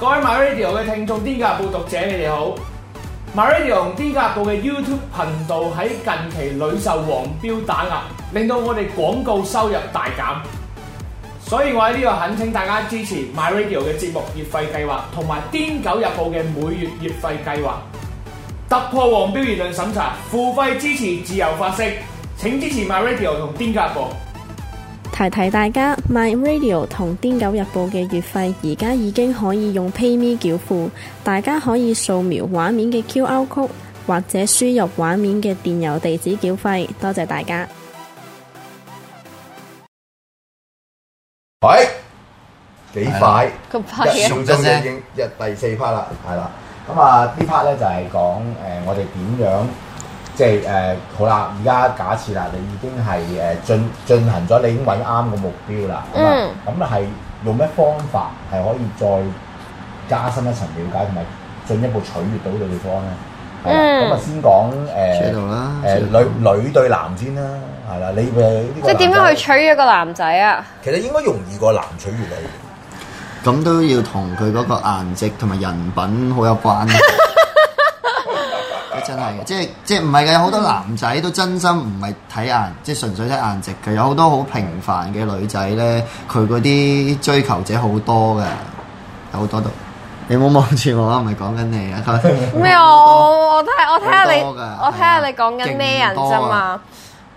各位 My Radio 嘅聽眾，《癲狗日報》讀者，你哋好！My Radio 同《癲狗日報》嘅 YouTube 頻道喺近期屢受黃標打壓，令到我哋廣告收入大減。所以我喺呢度懇請大家支持 My Radio 嘅節目月費計劃，同埋《癲狗日報》嘅每月月費計劃，突破黃標言論審查，付費支持自由發聲，請支持 My Radio 同《癲狗日報》。提提大家，My Radio 同《癲狗日報》嘅月費而家已經可以用 PayMe 繳付，大家可以掃描畫面嘅 QR Code，或者輸入畫面嘅電郵地址繳費。多謝大家。喂、哎，幾快？哎、呀一秒鐘已經入第四 part 啦，係啦、哎呀。咁啊，呢 part 咧就係講誒，我哋點樣？即係誒、呃、好啦，而家假設啦，你已經係誒進進行咗，你已經揾啱個目標啦。咁啊、嗯，係用咩方法係可以再加深一層了解，同埋進一步取悅到對方咧？嗯。咁啊、嗯，先講誒誒女女對男先啦，係、嗯、啦，你即係點樣去取悅個男仔啊？其實應該容易過男取悅女，咁都要同佢嗰個顏值同埋人品好有關，啊。 真係嘅，即係即係唔係嘅，有好多男仔都真心唔係睇顏，即係純粹睇顏值嘅。有好多好平凡嘅女仔咧，佢嗰啲追求者好多噶，有好多度。你冇望住我啊，唔係講緊你啊。咩我我睇我睇下你。我睇下的你講緊咩人啫嘛？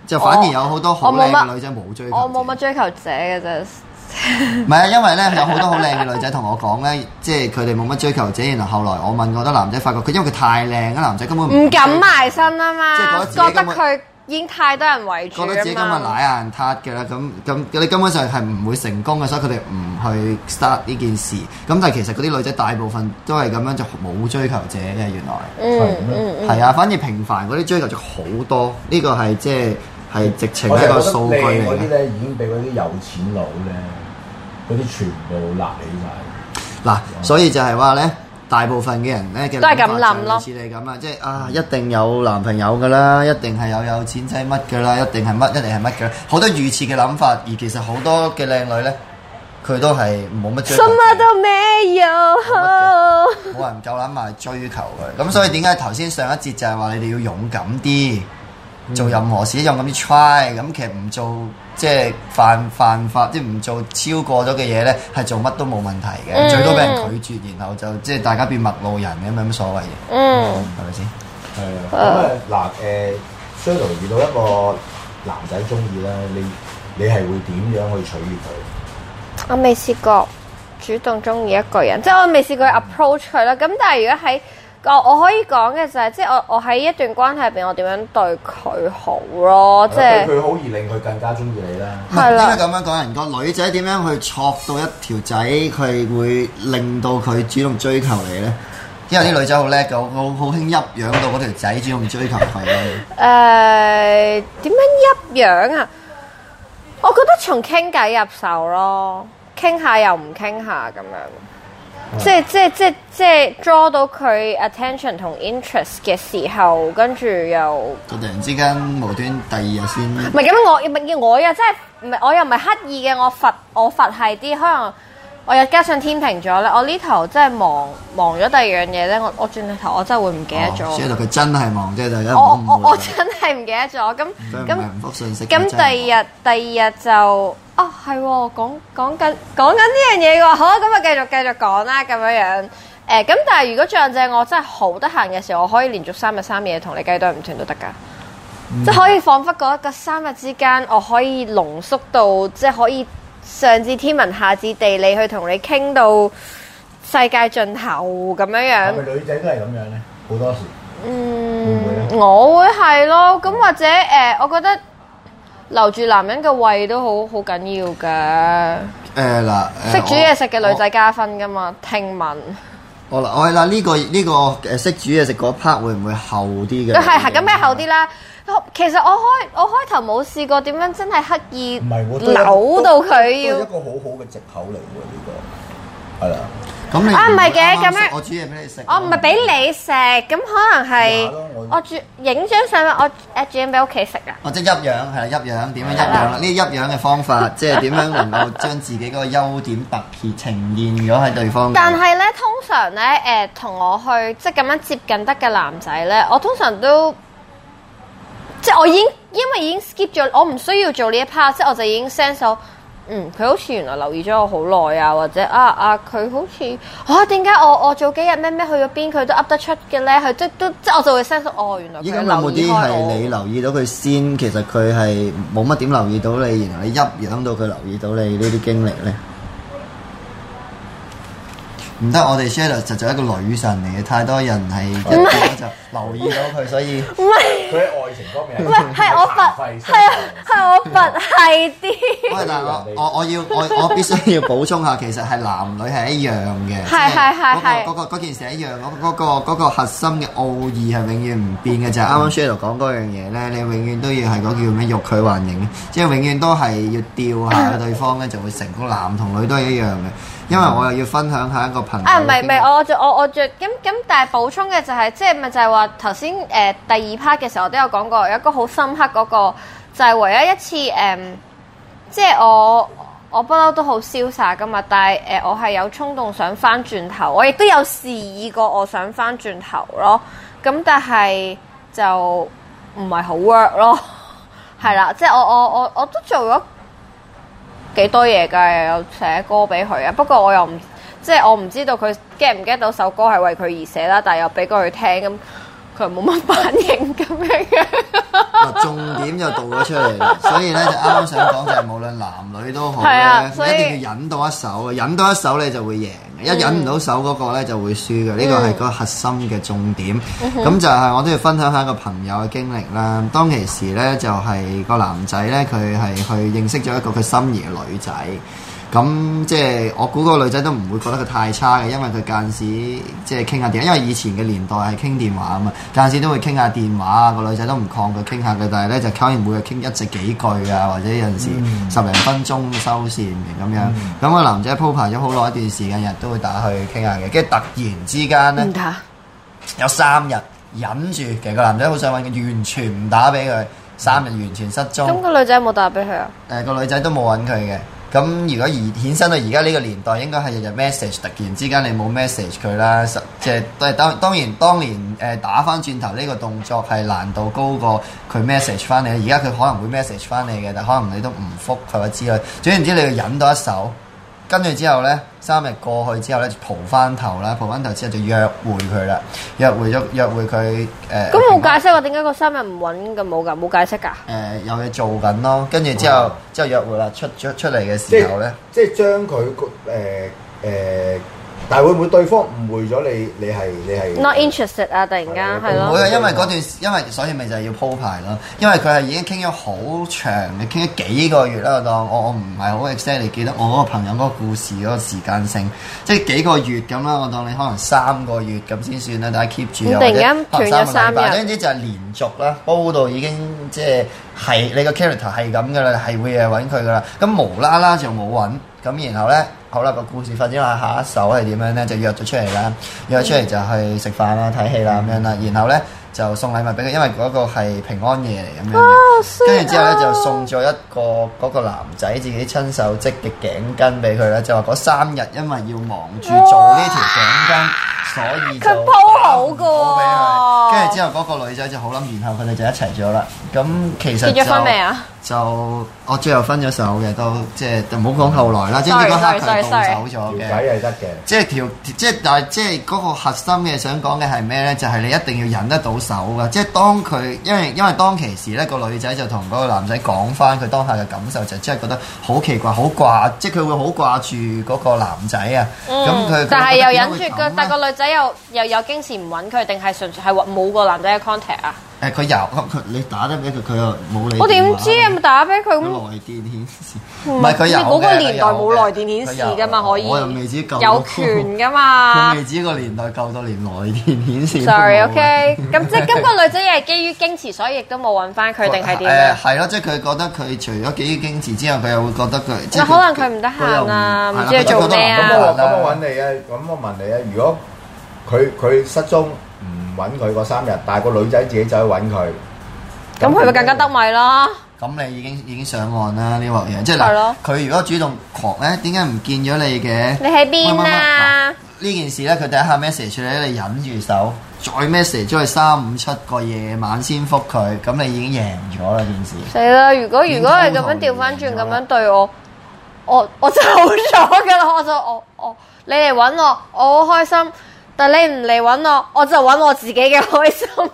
就反而有好多好靚嘅女仔冇追求。我冇乜追求者嘅啫。唔係啊，因為咧有好多好靚嘅女仔同我講咧， 即係佢哋冇乜追求者。然後後來我問過得男仔，發覺佢因為佢太靚，啲男仔根本唔敢埋身啊嘛。即係覺得佢已經太多人圍住，覺得自己咁啊奶硬撻嘅啦。咁咁你根本上係唔會成功嘅，所以佢哋唔去 start 呢件事。咁但係其實嗰啲女仔大部分都係咁樣就冇追求者嘅。原來嗯係以、嗯、啊，反而平凡嗰啲追求者好多。呢、這個係即係。係直情一個數據嚟嘅。啲咧，已經俾嗰啲有錢佬咧，嗰啲全部立起曬。嗱，所以就係話咧，大部分嘅人咧嘅諗法就似你咁啊，即係啊，一定有男朋友㗎啦，一定係有有錢仔乜㗎啦，一定係乜，一定係乜㗎，好多如此嘅諗法。而其實好多嘅靚女咧，佢都係冇乜。追什麼都沒有好。冇人夠膽咪追求佢。咁所以點解頭先上一節就係話你哋要勇敢啲？做任何事，一樣咁 try，咁其實唔做即係犯犯法，即係唔做超過咗嘅嘢咧，係做乜都冇問題嘅，嗯、最多俾人拒絕，然後就即係大家變陌路人咁樣乜所謂嘅，嗯，吧嗯，係咪先？係啊，嗱誒 Sheryl 遇到一個男仔中意咧，你你係會點樣去取悅佢？我未試過主動中意一個人，即係我未試過去 approach 佢啦。咁但係如果喺我可以講嘅就係，即係我我喺一段關係入邊，我點樣對佢好咯？即係對佢好，就是、好而令佢更加中意你啦。係啦了。咁樣講人個女仔點樣去撮到一條仔，佢會令到佢主動追求你咧？因為啲女仔好叻嘅，我好輕撚養到嗰條仔主動追求佢啦。誒、呃，點樣撚養啊？我覺得從傾偈入手咯，傾下又唔傾下咁樣。即係即係即係即係 draw 到佢 attention 同 interest 嘅時候，跟住又突然之間無端第二日先。唔係咁，我唔見我又真係唔係，我又唔係刻意嘅。我佛我佛係啲可能我，我又加上天平咗咧。我呢頭真係忙，忙咗第二樣嘢咧。我我轉頭我真係會唔記得咗。即係佢真係忙，即係第一。我我我真係唔記得咗。咁咁唔覆信息。咁第二日第二日就。哦，係喎、哦，講講緊講緊呢樣嘢喎，好，咁啊繼續繼續講啦，咁樣樣，誒、呃，咁但係如果丈姐我真係好得閒嘅時候，我可以連續三日三夜同你雞啄唔斷都得㗎，即係可以仿佛嗰一個三日之間，我可以濃縮到即係可以上至天文下至地理去同你傾到世界盡頭咁樣樣。係咪女仔都係咁樣咧？好多時，嗯，會呢我會係咯，咁或者誒、呃，我覺得。留住男人嘅胃都好好緊要嘅。誒嗱、啊，識、啊、煮嘢食嘅女仔加分㗎嘛？聽聞。我我係啦，呢個呢個誒識煮嘢食嗰 part 會唔會厚啲嘅？係係咁咩厚啲啦？其實我開我開頭冇試過點樣真係刻意扭到佢要。一個好好嘅藉口嚟喎呢個，係啦。啊，唔係嘅，咁樣我煮嘢俾你食。我唔係俾你食，咁可能係我煮影張相，我 at 住你喺屋企食啊。我即係一樣係一樣點樣一樣啦，呢的一樣嘅方法， 即係點樣能夠將自己嗰個優點特別呈現咗喺對方。但係咧，通常咧誒，同、呃、我去即係咁樣接近得嘅男仔咧，我通常都即係我已經因為已經 skip 咗，我唔需要做呢一 part，即係我就已經 sense 嗯，佢好似原來留意咗我好耐啊，或者啊啊，佢好似啊，點解、啊、我我早幾日咩咩去咗邊，佢都噏得出嘅咧，佢即都即我就會 send 哦，原來佢留意開。依家有冇啲係你留意到佢先，其實佢係冇乜點留意到你，然後你噏，等到佢留意到你呢啲 經歷咧？唔得，我哋 Sheldon 就就係一個女神嚟嘅，太多人係一見就留意到佢，所以唔係佢喺愛情方面唔係，係我佛系啊，係我佛系啲。喂，嗱，我我我要我我必須要補充下，其實係男女係一樣嘅，係係係係嗰個嗰個嗰件事一樣，嗰嗰個嗰個核心嘅奧義係永遠唔變嘅，就係啱啱 Sheldon 講嗰樣嘢咧，你永遠都要係嗰叫咩欲拒還迎，即係永遠都係要吊下對方咧，就會成功。男同女都係一樣嘅。因為我又要分享下一個朋友、哎。啊，唔係唔係，我我我我著咁咁，但係補充嘅就係、是，即係咪就係話頭先誒第二 part 嘅時候，我都有講過一個好深刻嗰、那個，就係、是、唯一一次誒，即、呃、係、就是、我我不嬲都好瀟灑噶嘛，但係誒、呃、我係有衝動想翻轉頭，我亦都有示意過我想翻轉頭咯，咁但係就唔係好 work 咯，係 啦，即、就、係、是、我我我我都做咗。幾多嘢㗎？又有寫歌俾佢啊！不過我又唔，即係我唔知道佢 get 唔 get 到首歌係為佢而寫啦，但係又俾過佢聽咁。佢冇乜反應咁樣，重點就導咗出嚟啦。所以咧就啱啱想講就係無論男女都好咧， 啊、一定要忍到一手啊！忍到一手你就會贏、嗯、一忍唔到手嗰個咧就會輸嘅。呢個係個核心嘅重點。咁、嗯、就係我都要分享一下一個朋友嘅經歷啦。當其時咧就係個男仔咧，佢係去認識咗一個佢心儀嘅女仔。咁即係我估個女仔都唔會覺得佢太差嘅，因為佢間時即係傾下電話，因為以前嘅年代係傾電話啊嘛，間時都會傾下電話啊。個女仔都唔抗拒傾下嘅，但係咧就可以每日傾一直幾句啊，或者有陣時十零分鐘收線咁樣。咁、嗯，個男仔鋪排咗好耐一段時間日都會打去傾下嘅，跟住突然之間咧，打有三日忍住，其實個男仔好想揾佢，完全唔打俾佢，嗯、三日完全失蹤。咁、嗯，個女仔有冇打俾佢啊？誒、呃，個女仔都冇揾佢嘅。咁如果而衍生到而家呢個年代，應該係日日 message，突然之間你冇 message 佢啦，即係當當然,當,然當年誒、呃、打返轉頭呢個動作係難度高過佢 message 返你，而家佢可能會 message 返你嘅，但可能你都唔復佢或者之類，總言之你要忍到一手。跟住之後呢，三日過去之後呢，就蒲翻頭啦，蒲翻頭之後就約會佢啦，約會咗約會佢誒。咁、呃、冇解釋話點解個三日唔揾咁冇㗎，冇解釋㗎。誒、呃，有嘢做緊咯。跟住之後、嗯、之後，之後約會啦，出出出嚟嘅時候呢，即係將佢個誒但會唔會對方誤會咗你？你係你係？Not interested 啊！突然間係咯。唔會啊，因為嗰段，因為所以咪就係要鋪排咯。因為佢係已經傾咗好長，你傾咗幾個月啦。我當我唔係好 exact，你記得我嗰個朋友嗰個故事嗰個時間性，即係幾個月咁啦。我當你可能三個月咁先算啦。大家 keep 住啊。突然間個斷咗三日。總言之就係連續啦，鋪到已經即係係你個 character 係咁噶啦，係會誒揾佢噶啦。咁無啦啦就冇揾。咁然後呢，好啦，個故事發展下下一首係點樣呢？就約咗出嚟啦，嗯、約咗出嚟就去食飯啦、睇戲啦咁、嗯、樣啦。然後呢，就送禮物俾佢，因為嗰個係平安夜嚟咁樣，跟住之後呢，就送咗一個嗰、嗰個男仔自己親手織嘅頸巾俾佢啦。就話嗰三日因為要忙住做呢條頸巾，哇所以就。好嘅，跟住之後嗰個女仔就好諗，然後佢哋就一齊咗啦。咁其實結咗婚未啊？就我最後分咗手嘅，都，即係就唔好講後來啦。Sorry, 即係嗰刻佢放手咗嘅。得嘅，即係條即係但係即係嗰個核心嘅想講嘅係咩咧？就係、是、你一定要忍得到手㗎。即係當佢因為因為當其時咧、嗰個女仔就同嗰個男仔講翻佢當下嘅感受，就即、是、係覺得好奇怪好掛，即係佢會好掛住嗰個男仔啊。咁佢、嗯、但係又忍住佢，但係個女仔又又有經。時唔揾佢，定係純粹係話冇個男仔嘅 contact 啊？誒，佢有，佢你打得俾佢，佢又冇理。我點知啊？打俾佢咁。來電顯示。唔係佢有嘅。嗰個年代冇來電顯示㗎嘛？可以。我又未知舊。有權㗎嘛？佢未知個年代舊到連來電顯示。Sorry，OK，咁即係今個女仔係基於矜持，所以亦都冇揾翻佢，定係點？誒，係咯，即係佢覺得佢除咗基於矜持之後，佢又會覺得佢。嗱，可能佢唔得閒啊，唔知要做咩啊？咁我揾你啊，咁我問你啊，如果。佢佢失蹤，唔揾佢嗰三日，但係個女仔自己走去揾佢，咁佢咪更加得咪咯？咁你已經已經上岸啦，呢鑊嘢即係嗱，佢如果主動狂咧，點解唔見咗你嘅？你喺邊啊？呢件事咧，佢第一下 message 你，你忍住手，再 message，再三五七個夜晚先覆佢，咁你已經贏咗啦！件事死啦！如果如果你咁樣掉翻轉咁樣對我，我我走咗噶啦！我就我我你嚟揾我，我好開心。但你唔嚟揾我，我就揾我自己嘅開心。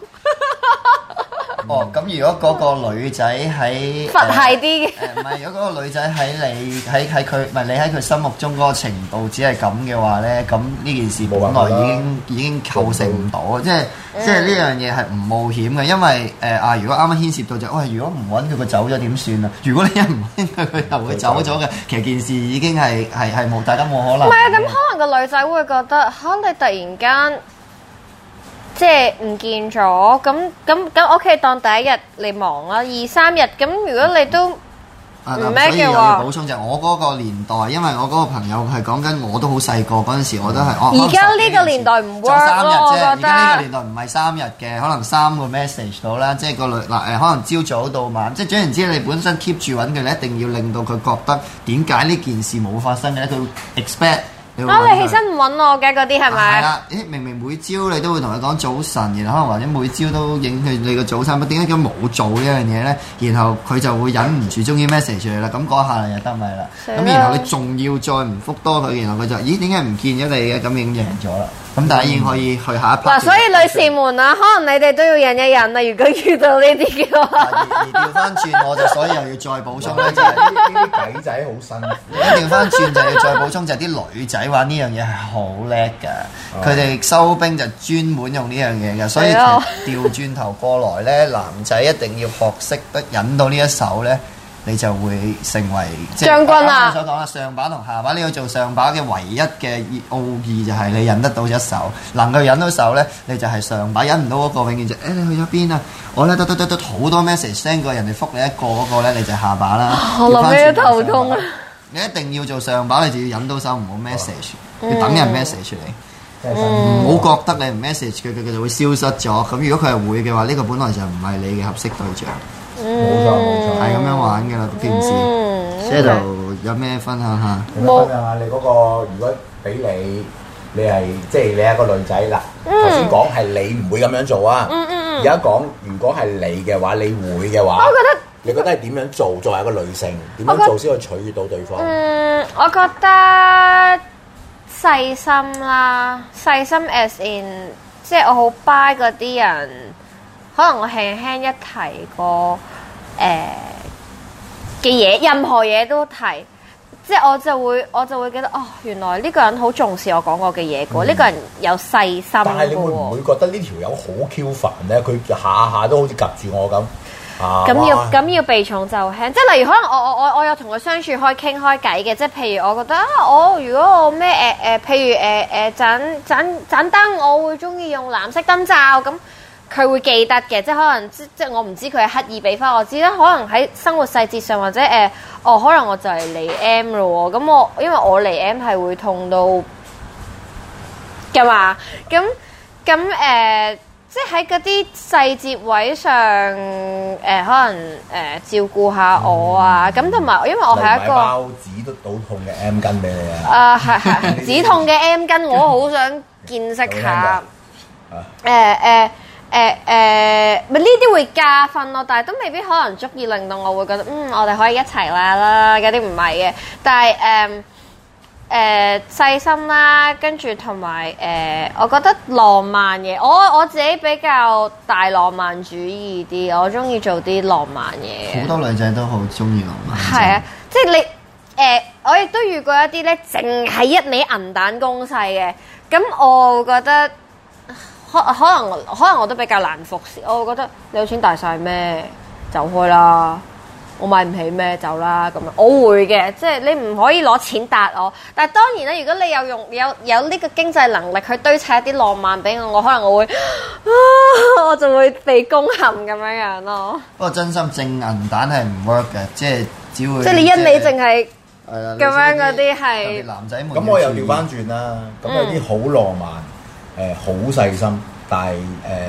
哦，咁如果嗰個女仔喺佛系啲，嘅，唔係，如果嗰個女仔喺你喺喺佢，唔係你喺佢心目中嗰個程度只係咁嘅話咧，咁呢件事本來已經已經構成唔到、嗯、即係即係呢樣嘢係唔冒險嘅，因為誒啊、呃，如果啱啱牽涉到就我、係呃、如果唔揾佢佢走咗點算啊？如果你一唔揾佢，佢就會走咗嘅。 其實件事已經係係係冇，大家冇可能。唔係啊，咁可能個女仔會覺得嚇你突然間。即係唔見咗，咁咁咁，OK 當第一日你忙啦。二三日咁，如果你都唔咩嘅話，嗯、我要補充就我嗰個年代，嗯、因為我嗰個朋友係講緊我都好細個嗰陣時，嗯、我都係。而家呢個年代唔會咯，三日而家呢個年代唔係三日嘅，可能三個 message 到啦。即係個女嗱誒、呃，可能朝早到晚，即係總言之，你本身 keep 住揾佢，嗯、你一定要令到佢覺得點解呢件事冇發生嘅咧，佢會 expect。啊！你，你起身唔搵我嘅嗰啲係咪？係啦，咦，明明每朝你都會同佢講早晨，然後可能或者每朝都影佢你個早餐，乜點解叫冇做呢樣嘢咧？然後佢就會忍唔住中意 message 你啦，咁嗰下又得咪啦？咁了然後你仲要再唔覆多佢，然後佢就咦，點解唔見咗你嘅咁樣嘢，贏咗啦？嗯咁大家已經可以去下一 p，嗯呃、所以女士們啊，可能你哋都要忍一忍啦。如果遇到呢啲嘅話，而而調翻轉我就，所以又要再補充咧，即係呢啲仔仔好辛苦。 而調翻轉就要再補充，就係、是、啲女仔玩呢樣嘢係好叻嘅，佢哋、嗯、收兵就專門用呢樣嘢嘅，所以調轉頭過來咧， 男仔一定要學識得忍到呢一手咧。你就會成為將軍啦，啊。我所講啦，上把同下把，你要做上把嘅唯一嘅奧義就係你忍得到一手，能夠忍到手呢，你就係上把忍唔到嗰，那個，永遠就誒，是欸，你去咗邊啊！我咧得得得得好多 message send 過人哋，覆你一個嗰，那個咧，你就係下把啦。啊，把把我諗你要頭痛啊！你一定要做上把，你就要忍到手，唔好 message，要等人 message 出嚟。唔好，嗯、覺得你唔 message 佢，佢就會消失咗。咁、嗯、如果佢係會嘅話，呢，這個本來就唔係你嘅合適對象。冇錯冇錯，係咁、嗯、樣玩嘅啦，堅持。Shadow 有咩分享下？有咩分享下？你嗰、那個如果俾你，你係即係你係一個女仔啦。頭先講係你唔會咁樣做啊、嗯。嗯嗯而家講如果係你嘅話，你會嘅話，我覺得你覺得係點樣做？作為一個女性，點樣做先可以取悅到對方？嗯，我覺得細心啦、啊，細心 as in 即係我好 buy 嗰啲人。可能我輕輕一提過誒嘅嘢，任何嘢都提，即係我就會我就會覺得哦，原來呢個人好重視我講過嘅嘢，個呢、嗯、個人有細心。但係你會唔會覺得呢條友好 Q 煩咧？佢下下都好似夾住我咁。啊！咁要咁要避重就輕，即係例如可能我我我我有同佢相處開傾開偈嘅，即係譬如我覺得我、啊、如果我咩誒誒，譬如誒誒盞盞盞燈，我會鍾意用藍色燈罩咁。呃呃呃佢會記得嘅，即係可能即即我唔知佢係刻意俾翻我知啦。可能喺生活細節上，或者誒、呃，哦，可能我就係嚟 M 咯喎。咁我因為我嚟 M 係會痛到嘅嘛。咁咁誒，即係喺嗰啲細節位上誒，可能誒照顧下我啊。咁同埋因為我係一個買包指都倒痛嘅 M 巾俾你啊， 啊。啊係係止痛嘅 M 巾，我好想見識下。誒誒 的、啊。 誒誒，咪呢啲會加分咯，但係都未必可能足以令到我會覺得，嗯，我哋可以一齊啦啦，有啲唔係嘅，但係誒誒細心啦，跟住同埋誒，我覺得浪漫嘢，我我自己比較大浪漫主義啲，我中意做啲浪漫嘢。好多女仔都好中意浪漫。係啊，即係你誒、呃，我亦都遇過一啲咧，淨係一味銀彈攻勢嘅，咁我會覺得。可可能可能我都比較難服侍，我會覺得你有錢大晒咩？走開啦！我買唔起咩？走啦！咁樣我會嘅，即係你唔可以攞錢答我。但係當然咧，如果你又用有用有有呢個經濟能力去堆砌一啲浪漫俾我，我可能我會、啊、我就會被攻陷咁樣樣咯。不、啊、過真心正銀彈係唔 work 嘅，即係只會即係你一味淨係咁樣嗰啲係男仔。咁我又調翻轉啦，咁有啲好浪漫。誒好、呃、細心，但係誒、呃、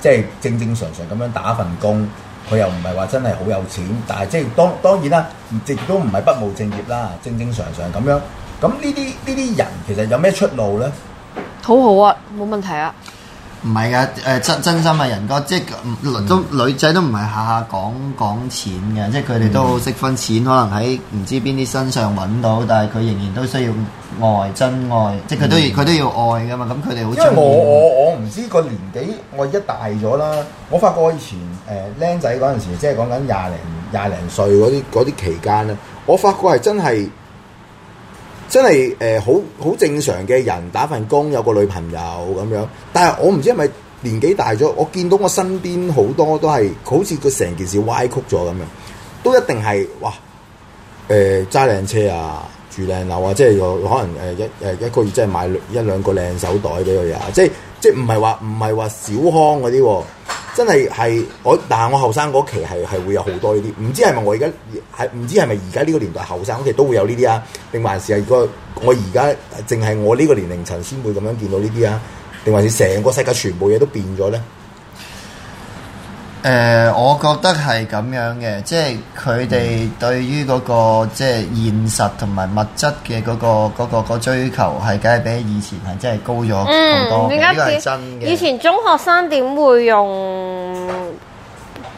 即係正正常常咁樣打份工，佢又唔係話真係好有錢，但係即係當當然啦，亦都唔係不務正業啦，正正常常咁樣。咁呢啲呢啲人其實有咩出路咧？土豪啊，冇問題啊！唔係噶，誒、呃、真真心啊。人哥，即係、嗯、都女仔都唔係下下講講錢嘅，即係佢哋都識分錢，嗯、可能喺唔知邊啲身上揾到，但係佢仍然都需要愛，真愛，嗯、即係佢都要佢都要愛噶嘛，咁佢哋好。因為我我我唔知個年紀，我一大咗啦，我發覺我以前誒僆仔嗰陣時，即係講緊廿零廿零歲嗰啲嗰啲期間咧，我發覺係真係。真係誒，好好正常嘅人，打份工，有個女朋友咁樣。但係我唔知係咪年紀大咗，我見到我身邊好多都係好似佢成件事歪曲咗咁樣，都一定係哇，誒揸靚車啊、住靚樓啊，即係可能誒一誒一個月即係買一兩個靚手袋俾佢呀，即係即係唔係話唔係話小康嗰啲喎。真係係我，但係我後生嗰期係係會有好多呢啲，唔知係咪我而家係唔知係咪而家呢個年代後生嗰期都會有呢啲啊？定還是係個我而家淨係我呢個年齡層先會噉樣見到呢啲啊？定還是成個世界全部嘢都變咗咧？誒、呃，我覺得係咁樣嘅，即係佢哋對於嗰、嗰個即係現實同埋物質嘅嗰個嗰、嗯、追求係，梗係比以前係、嗯、真係高咗好多。呢個係真嘅。以前中學生點會用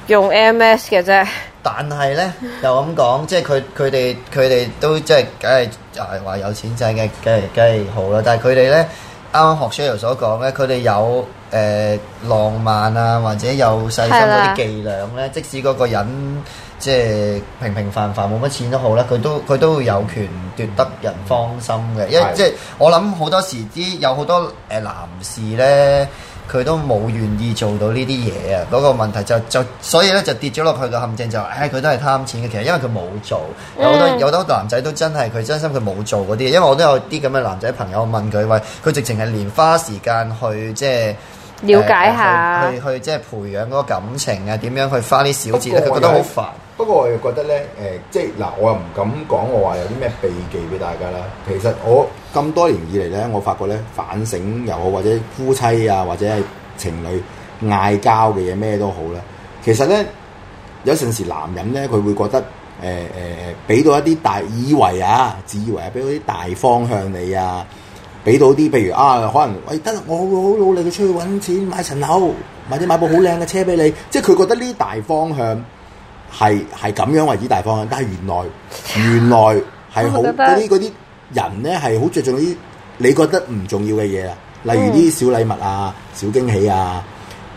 用 SMS 嘅啫？但係咧，又咁講，即係佢佢哋佢哋都即係梗係又係話有錢仔嘅，梗係梗係好啦。但係佢哋咧，啱啱學 share 所講咧，佢哋有。誒、呃、浪漫啊，或者有細心嗰啲伎倆咧的，即使嗰個人即係平平凡凡冇乜錢好都好啦，佢都佢都會有權奪得人芳心嘅。因為的即係我諗好多時啲有好多誒男士呢，佢都冇願意做到呢啲嘢啊！嗰、那個問題就就所以呢，就跌咗落去個陷阱就係，佢、哎、都係貪錢嘅。其實因為佢冇做，有好多、嗯、有好多男仔都真係佢真心佢冇做嗰啲。因為我都有啲咁嘅男仔朋友問佢話，佢直情係連花時間去即係。了解下，啊、去去即係培養嗰個感情啊，點樣去花啲小節咧？佢覺得好煩。不過我又覺得咧，誒、呃，即係嗱，我又唔敢講，我話有啲咩秘技俾大家啦。其實我咁多年以嚟咧，我發覺咧，反省又好，或者夫妻啊，或者係情侶嗌交嘅嘢咩都好咧，其實咧有陣時男人咧，佢會覺得誒誒俾到一啲大以為啊，自以為啊，俾到啲大方向你啊。俾到啲，譬如啊，可能喂得啦，我會好努力去出去揾錢買層樓，或者買部好靚嘅車俾你，即係佢覺得呢大方向係係咁樣為之大方向，但係原來原來係好嗰啲嗰啲人呢係好着重啲你覺得唔重要嘅嘢啊，例如啲小禮物啊、小驚喜啊。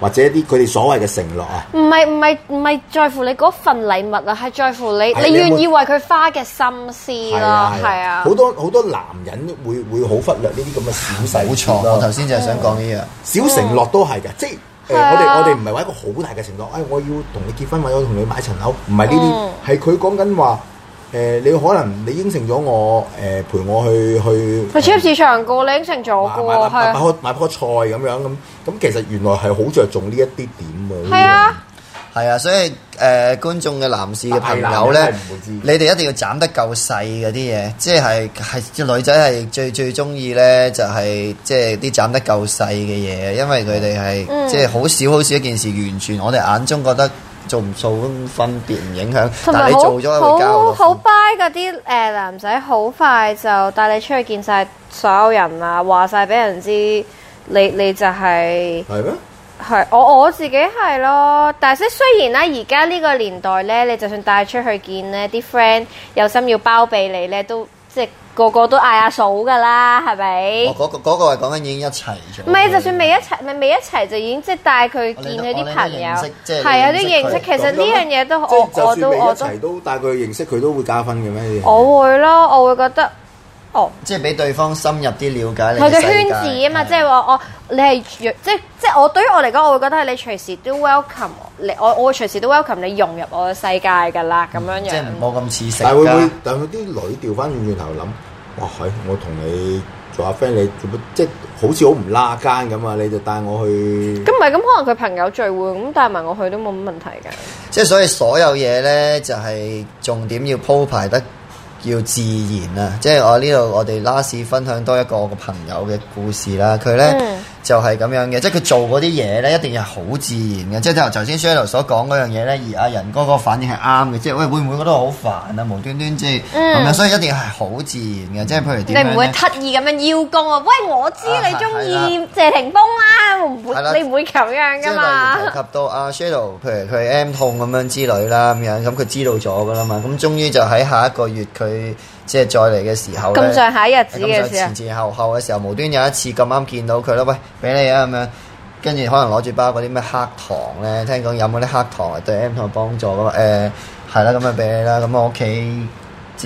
或者一啲佢哋所謂嘅承諾啊，唔係唔係唔係在乎你嗰份禮物啊，係在乎你你願意為佢花嘅心思咯，係啊，好多好多男人會會好忽略呢啲咁嘅小細節咯。冇錯，嗯、我頭先就係想講呢樣，對小承諾都係嘅，嗯、即係誒、呃、我哋我哋唔係話一個好大嘅承諾，誒我要同你結婚或者同你買層樓，唔係呢啲，係佢講緊話。誒、呃，你可能你應承咗我誒、呃、陪我去去去超級市場個，去你應承咗個喎，買,買,買,買棵菜咁樣咁咁，其實原來係好着重呢一啲點喎。係啊，係啊、嗯，所以誒、呃，觀眾嘅男士嘅朋友咧，你哋一定要斬得夠細嗰啲嘢，即係係女仔係最最中意咧，就係、是、即係啲斬得夠細嘅嘢，因為佢哋係即係好少好少一件事，完全我哋眼中覺得。做唔做分別唔影響。同埋而且 你做咗會加好多。好快嗰啲誒男仔，好快就帶你出去見晒所有人啊，話晒俾人知你，你你就係係咩？係嗎我我自己係咯，但係即係雖然咧，而家呢個年代咧，你就算帶出去見咧，啲 friend 有心要包庇你咧，都即係。個個都嗌阿嫂噶啦，係咪？哦，嗰個嗰個係講緊已經一齊咗。唔係，就算未一齊，唔係未一齊就已經即係帶佢見佢啲朋友，係有啲認識。認識認識其實呢樣嘢都是我都我，我都。即係都帶佢認識，佢都會加分嘅咩？我會咯，我會覺得。哦，即係俾對方深入啲了解你嘅圈子啊嘛，的即係話我，我你係即即對我對於我嚟講，我會覺得係你隨時都 welcome 你，我我隨時都 welcome 你融入我嘅世界噶啦，咁樣樣、嗯。即係唔好咁似食。但會會但佢啲女調翻轉轉頭諗，哇，我同你做下 friend，你咁即係好似好唔拉更咁啊，你就帶我去。咁唔係，咁可能佢朋友聚會咁帶埋我去都冇乜問題嘅。即係所以所有嘢咧，就係、是、重點要鋪排得。要自然啊！即係、啊、我呢度，我哋拉 a 分享多一個個朋友嘅故事啦。佢咧。嗯就係咁樣嘅，即係佢做嗰啲嘢咧，一定係好自然嘅。即係頭先 Shadow 所講嗰樣嘢咧，而阿仁哥個反應係啱嘅，即係喂會唔會覺得好煩啊？無端端即係咁樣，嗯、所以一定係好自然嘅。即係譬如點？你唔會刻意咁樣邀功啊？喂，我知你中意、啊、謝霆鋒啦，會唔的會你會咁樣噶嘛？及到阿 Shadow，譬如佢 M 痛咁樣之類啦咁樣，咁佢知道咗噶啦嘛，咁終於就喺下一個月佢。 即係再嚟嘅時候咁上下一日嘅前前後後嘅時候， 無端有一次咁啱見到佢啦，喂，畀你啊咁樣，跟住可能攞住包嗰啲咩黑糖咧，聽講飲嗰啲黑糖係對 M 痛有幫助咁啊，誒，係、欸、啦，咁就畀你啦，咁我屋企。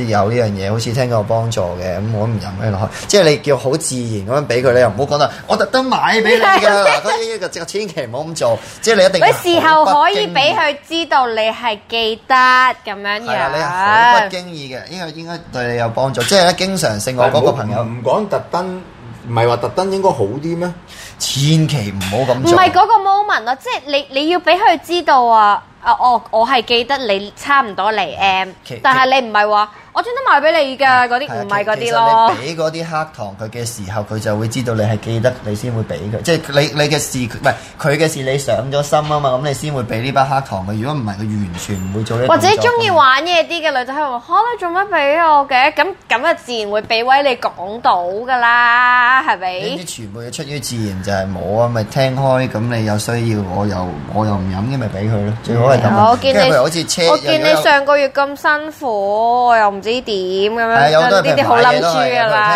有呢樣嘢，好似聽過有幫助嘅，咁我唔飲咩落去。即係你叫好自然咁樣俾佢你又唔好講到我特登買俾你㗎。嗱、 這個，大家即係千祈唔好咁做。即係你一定。喂，時候可以俾佢知道你係記得咁樣樣、啊。你係好不經意嘅，呢個應該對你有幫助。即係咧，經常性我嗰個朋友唔講特登，唔係話特登應該好啲咩？千祈唔好咁做。唔係嗰個 moment 囉，即係你你要俾佢知道啊啊！我我係記得你差唔多嚟 M，、嗯、其但係你唔係話。我專登買俾你嘅嗰啲唔係嗰啲咯。俾嗰啲黑糖佢嘅時候，佢就會知道你係記得你、就是你，你先會俾佢。即係你你嘅事唔係佢嘅事，事你上咗心啊嘛，咁你先會俾呢包黑糖佢，如果唔係，佢完全唔會做會、啊、呢。或者中意玩嘢啲嘅女仔，佢話：，好啦，做乜俾我嘅？咁咁啊，自然會俾位你講到噶啦，係咪？呢啲全部嘢出於自然就係冇啊，咪聽開。咁你有需要，我又我又唔飲嘅咪俾佢咯。嗯、最好係咁。我見你，好似車我見你上個月咁辛苦，我又唔～知點咁樣，有啲啲好撚豬噶啦。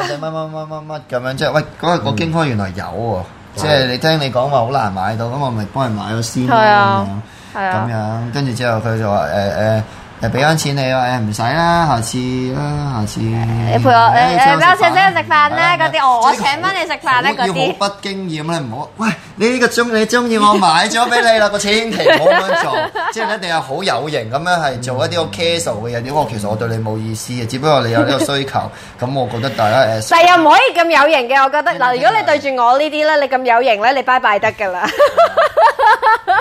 聽見嗰啲乜乜乜乜乜咁樣，即係喂，嗰日我經科原來有喎，即係你聽你講話好難買到，咁我咪幫人買咗先咯，係啊，係啊，咁樣跟住之後佢就話誒誒。誒，俾翻錢你啊！誒，唔使啦，下次啦，下次。你陪我，你你邊個請我食飯咧？嗰啲我我請翻你食飯咧？嗰啲。要好不經驗咧，唔好。喂，你呢個中你中意我買咗俾你啦，我千祈唔好咁做，即係一定係好有型咁樣係做一啲好 casual 嘅嘢。人。我其實我對你冇意思嘅，只不過你有呢個需求，咁我覺得大家誒。係又唔可以咁有型嘅，我覺得嗱，如果你對住我呢啲咧，你咁有型咧，你拜拜得㗎啦。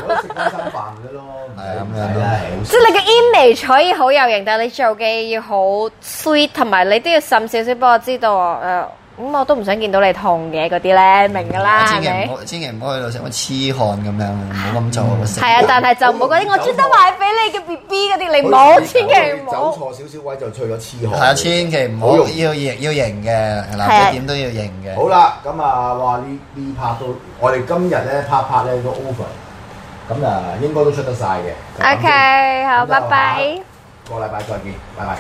我食早餐飯嘅唔係咁樣咯。即係你嘅 image 可以好有型，但係你做嘅嘢要好 sweet，同埋你都要滲少少，俾我知道誒。 哎咁我都唔想見到你痛嘅嗰啲咧，明㗎啦，千祈唔好，千祈唔好去到成個痴漢咁樣，唔好咁做。係啊，但係就唔好嗰啲我專登買俾你嘅 B B 嗰啲你唔好，千祈唔好。走錯少少位就除咗痴漢。係啊，千祈唔好要要型嘅，係啦，一點都要型嘅。好啦，咁啊，哇呢呢 part 都，我哋今日咧 part part 咧都 over，咁啊應該都出得晒嘅。OK，好，拜拜。過禮拜再見，拜拜。